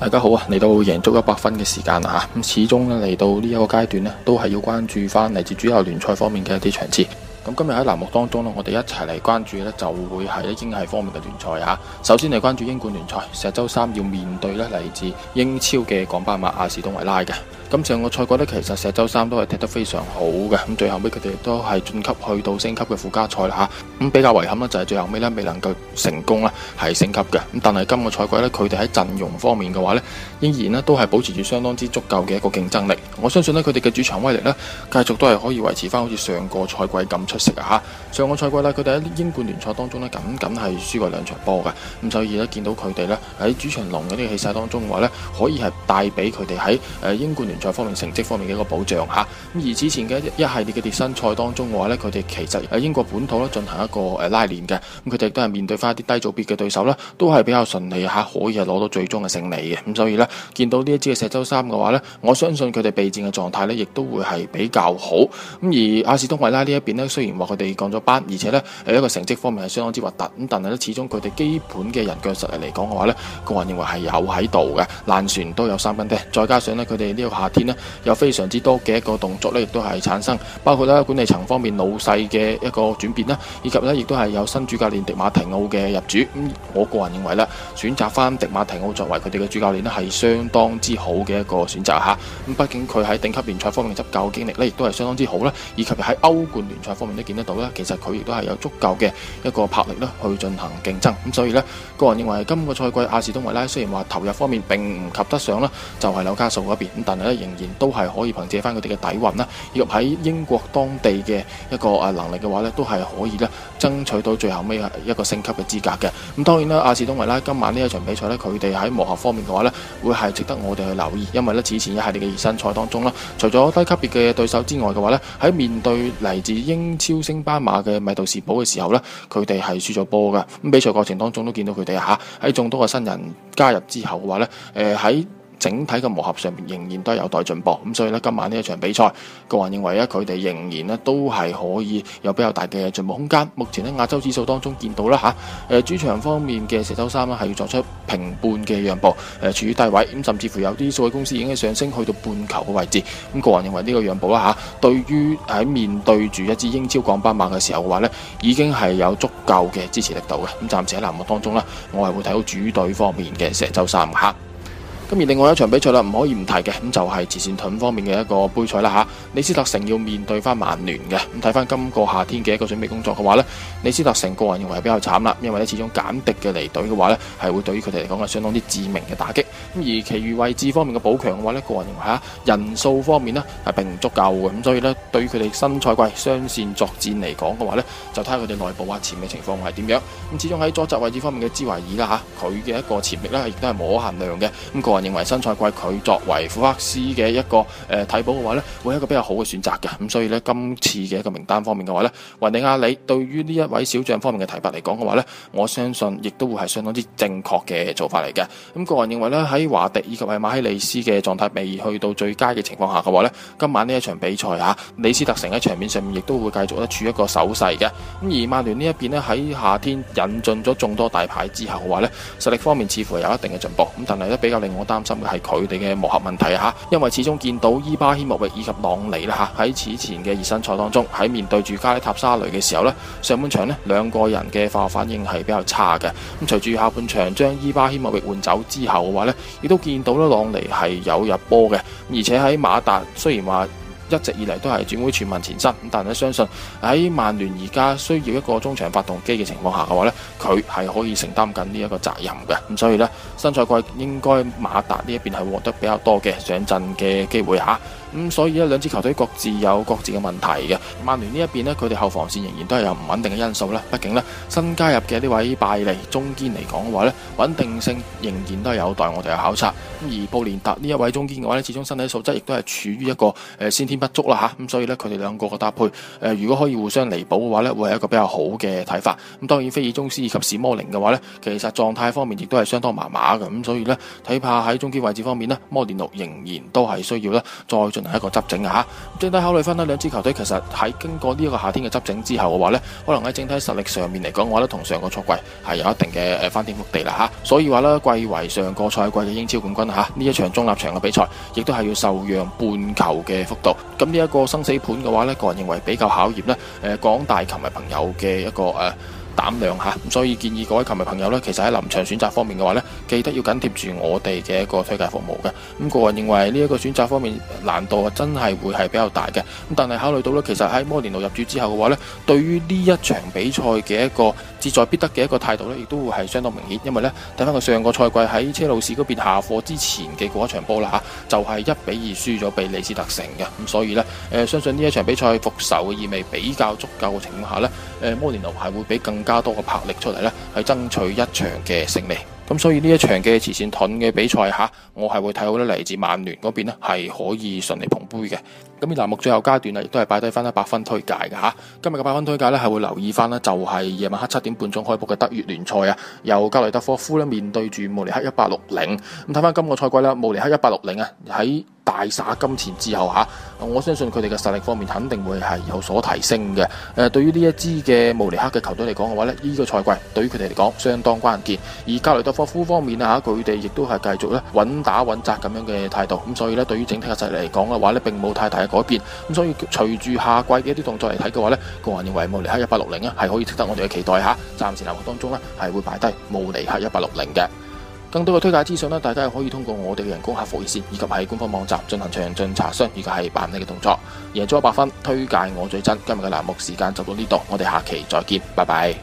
大家好啊！嚟到贏足一百分嘅時間啦嚇，咁始終咧嚟到呢一個階段呢，都係要關注返嚟自主流聯賽方面嘅一啲場次。咁今日喺欄目當中咧，我哋一齊嚟關注呢就會係英係方面嘅聯賽啊。首先嚟關注英冠聯賽，石周三要面對呢嚟自英超嘅廣巴馬阿士東維拉嘅。咁上個賽季呢，其實石周三都係踢得非常好嘅。咁最後尾佢哋都係晉級去到升級嘅附加賽啦吓。咁比較遺憾呢，就係最後尾呢未能夠成功啦，係升級嘅。咁但係今個賽季呢，佢哋喺陣容方面嘅話呢，依然呢都係保持住相當之足夠嘅一個競爭力。我相信呢，佢哋嘅主場威力呢，繼續都係可以維持翻好似上個賽季咁出色啊！嚇，上個賽季咧，佢哋喺英冠聯賽當中呢，僅僅係輸過兩場波㗎。咁所以呢，見到佢哋呢喺主場龍嘅呢個氣勢當中嘅話呢，可以係帶俾佢哋喺誒英冠聯賽方面成績方面嘅一個保障嚇。咁而之前嘅一系列嘅熱身賽當中嘅話呢，佢哋其實喺英國本土呢進行一個誒拉練嘅。咁佢哋都係面對翻一啲低組別嘅對手呢，都係比較順利嚇，可以係攞到最終嘅勝利嘅。咁所以呢，見到呢一支嘅石洲三嘅話呢，我相信佢哋被嘅狀態呢，亦都會係比較好。咁而阿士東維拉呢一邊咧，雖然話佢哋降咗班，而且呢，係一個成績方面係相當之核突。咁但係呢，始終佢哋基本嘅人腳實力嚟講嘅話呢個人認為係有喺度嘅。爛船都有三斤釘，再加上呢，佢哋呢個夏天呢，有非常之多嘅一個動作呢，亦都係產生，包括咧管理層方面老細嘅一個轉變啦，以及呢，亦都係有新主教練迪馬提奧嘅入主。咁、嗯、我個人認為呢，選擇翻迪馬提奧作為佢哋嘅主教練呢，係相當之好嘅一個選擇嚇。咁、嗯、畢竟佢喺頂級聯賽方面執教經歷呢亦都係相當之好啦，以及喺歐冠聯賽方面都見得到啦，其實佢亦都係有足夠嘅一個魄力咧，去進行競爭，咁所以咧，個人認為今個賽季阿士東維拉雖然話投入方面並唔及得上啦，就係紐卡素嗰邊，咁但係咧仍然都係可以憑借翻佢哋嘅底蘊啦，以及喺英國當地嘅一個誒能力嘅話咧，都係可以咧爭取到最後尾一個升級嘅資格嘅。咁當然啦，阿士東維拉今晚呢一場比賽咧，佢哋喺磨合方面嘅話咧，會係值得我哋去留意，因為咧此前一系列嘅熱身賽當。中啦，除咗低級別嘅對手之外嘅話，呢喺面對嚟自英超升班馬嘅米杜士堡嘅時候呢，佢哋係輸咗波嘅。咁比賽過程當中都見到佢哋吓，喺眾多嘅新人加入之後嘅話，呢誒喺。整體嘅磨合上面仍然都有待進步，咁所以呢，今晚呢一場比賽，個人認為啊，佢哋仍然咧都係可以有比較大嘅進步空間。目前喺亞洲指數當中見到啦嚇，誒主場方面嘅石州三啦係要作出平半嘅讓步，誒處於低位，咁甚至乎有啲數位公司已經上升去到半球嘅位置。咁個人認為呢個讓步啦嚇，對於喺面對住一支英超降班馬嘅時候嘅話呢，已經係有足夠嘅支持力度嘅。咁暫時喺欄目當中呢，我係會睇到主隊方面嘅石州三嚇。咁而另外一場比賽啦，唔可以唔提嘅，咁就係慈善盾方面嘅一個杯賽啦吓。李斯特城要面對返曼聯嘅，咁睇返今個夏天嘅一個準備工作嘅話呢，李斯特城個人認為係比較慘啦，因為呢始終簡迪嘅離隊嘅話呢，係會對於佢哋嚟講係相當之致命嘅打擊。咁而其餘位置方面嘅補強嘅話呢，個人認為吓人數方面呢，係並唔足夠嘅，咁所以呢對於佢哋新賽季雙線作戰嚟講嘅話呢，就睇下佢哋內部或潛力情況係點樣。咁始終喺左側位置方面嘅志維爾啦吓，佢嘅一個潛力呢，亦都係冇可限量嘅。咁認為新賽季佢作為福克斯嘅一個誒替補嘅話咧，會係一個比較好嘅選擇嘅。咁所以呢，今次嘅一個名單方面嘅話呢，雲尼亞里對於呢一位小將方面嘅提拔嚟講嘅話呢，我相信亦都會係相當之正確嘅做法嚟嘅。咁個人認為呢，喺華迪以及係馬希利斯嘅狀態未去到最佳嘅情況下嘅話呢，今晚呢一場比賽吓，李斯特城喺場面上面亦都會繼續咧處一個守勢嘅。咁而曼聯呢一邊呢，喺夏天引進咗眾多大牌之後嘅話呢，實力方面似乎有一定嘅進步。咁但係呢，比較令我。擔心嘅係佢哋嘅磨合問題嚇，因為始終見到伊巴謙莫域以及朗尼啦嚇，喺此前嘅熱身賽當中，喺面對住加里塔沙雷嘅時候呢，上半場呢兩個人嘅化學反應係比較差嘅。咁隨住下半場將伊巴謙莫域換走之後嘅話呢，亦都見到呢朗尼係有入波嘅，而且喺馬達雖然話。一直以嚟都係轉會全民前身，咁但係相信喺曼聯而家需要一個中場發動機嘅情況下嘅話呢，佢係可以承擔緊呢一個責任嘅。咁所以呢，新賽季應該馬達呢一邊係獲得比較多嘅上陣嘅機會嚇。咁、嗯、所以呢，兩支球隊各自有各自嘅問題嘅。曼聯呢一邊呢，佢哋後防線仍然都係有唔穩定嘅因素咧。畢竟呢，新加入嘅呢位拜利中堅嚟講嘅話呢穩定性仍然都係有待我哋嘅考察。而布連特呢一位中堅嘅話呢始終身體素質亦都係處於一個誒、呃、先天不足啦吓，咁、嗯、所以呢，佢哋兩個嘅搭配誒、呃，如果可以互相彌補嘅話呢會係一個比較好嘅睇法。咁、嗯、當然，菲爾鍾斯以及史摩靈嘅話呢其實狀態方面亦都係相當麻麻嘅。咁、嗯、所以呢，睇怕喺中堅位置方面呢摩連奴仍然都係需要呢。再。係一個執整啊，吓，整體考慮翻呢兩支球隊，其實喺經過呢一個夏天嘅執整之後嘅話呢，可能喺整體實力上面嚟講，我覺得同上個賽季係有一定嘅誒翻天覆地，啦，吓，所以話呢，貴為上個賽季嘅英超冠軍啊，吓，呢一場中立場嘅比賽，亦都係要受讓半球嘅幅度。咁呢一個生死盤嘅話呢，個人認為比較考驗呢誒，廣大球迷朋友嘅一個誒。膽量嚇，咁所以建議各位球迷朋友呢，其實喺臨場選擇方面嘅話呢，記得要緊貼住我哋嘅一個推介服務嘅。咁個人認為呢一個選擇方面難度啊，真係會係比較大嘅。咁但係考慮到呢，其實喺摩連奴入主之後嘅話呢，對於呢一場比賽嘅一個志在必得嘅一個態度呢，亦都會係相當明顯。因為呢，睇翻佢上個賽季喺車路士嗰邊下課之前嘅嗰一場波啦嚇，就係、是、一比二輸咗俾李斯特城嘅。咁所以呢，誒、呃、相信呢一場比賽復仇嘅意味比較足夠嘅情況下呢，誒、呃、摩連奴係會比更加多個魄力出嚟咧，係爭取一場嘅勝利。咁所以呢一場嘅慈善盾嘅比賽吓，我係會睇好咧，嚟自曼聯嗰邊呢係可以順利捧杯嘅。咁呢欄目最後階段啊，亦都係擺低翻一百分推介嘅嚇。今日嘅百分推介咧，係會留意翻呢，就係夜晚黑七點半鐘開播嘅德乙聯賽啊，由格雷德科夫呢，面對住慕尼黑一八六零。咁睇翻今個賽季啦，慕尼黑一八六零啊喺大灑金錢之後嚇，我相信佢哋嘅實力方面肯定會係有所提升嘅。誒，對於呢一支嘅慕尼黑嘅球隊嚟講嘅話呢，呢、呢個賽季對於佢哋嚟講相當關鍵。而格雷德科夫方面啊，佢哋亦都係繼續咧穩打穩扎咁樣嘅態度。咁所以呢，對於整體嘅實力嚟講嘅話呢，並冇太大改變咁，所以隨住夏季嘅一啲動作嚟睇嘅話，呢個人認為慕尼黑一八六零啊，係可以值得我哋嘅期待下。暫時欄目當中呢，係會擺低慕尼黑一八六零嘅。更多嘅推介資訊呢，大家可以通過我哋嘅人工客服熱線，以及喺官方網站進行詳盡查詢，以及係辦理嘅動作。贏咗一百分，推介我最真。今日嘅欄目時間就到呢度，我哋下期再見，拜拜。